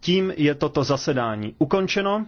Tím je toto zasedání ukončeno.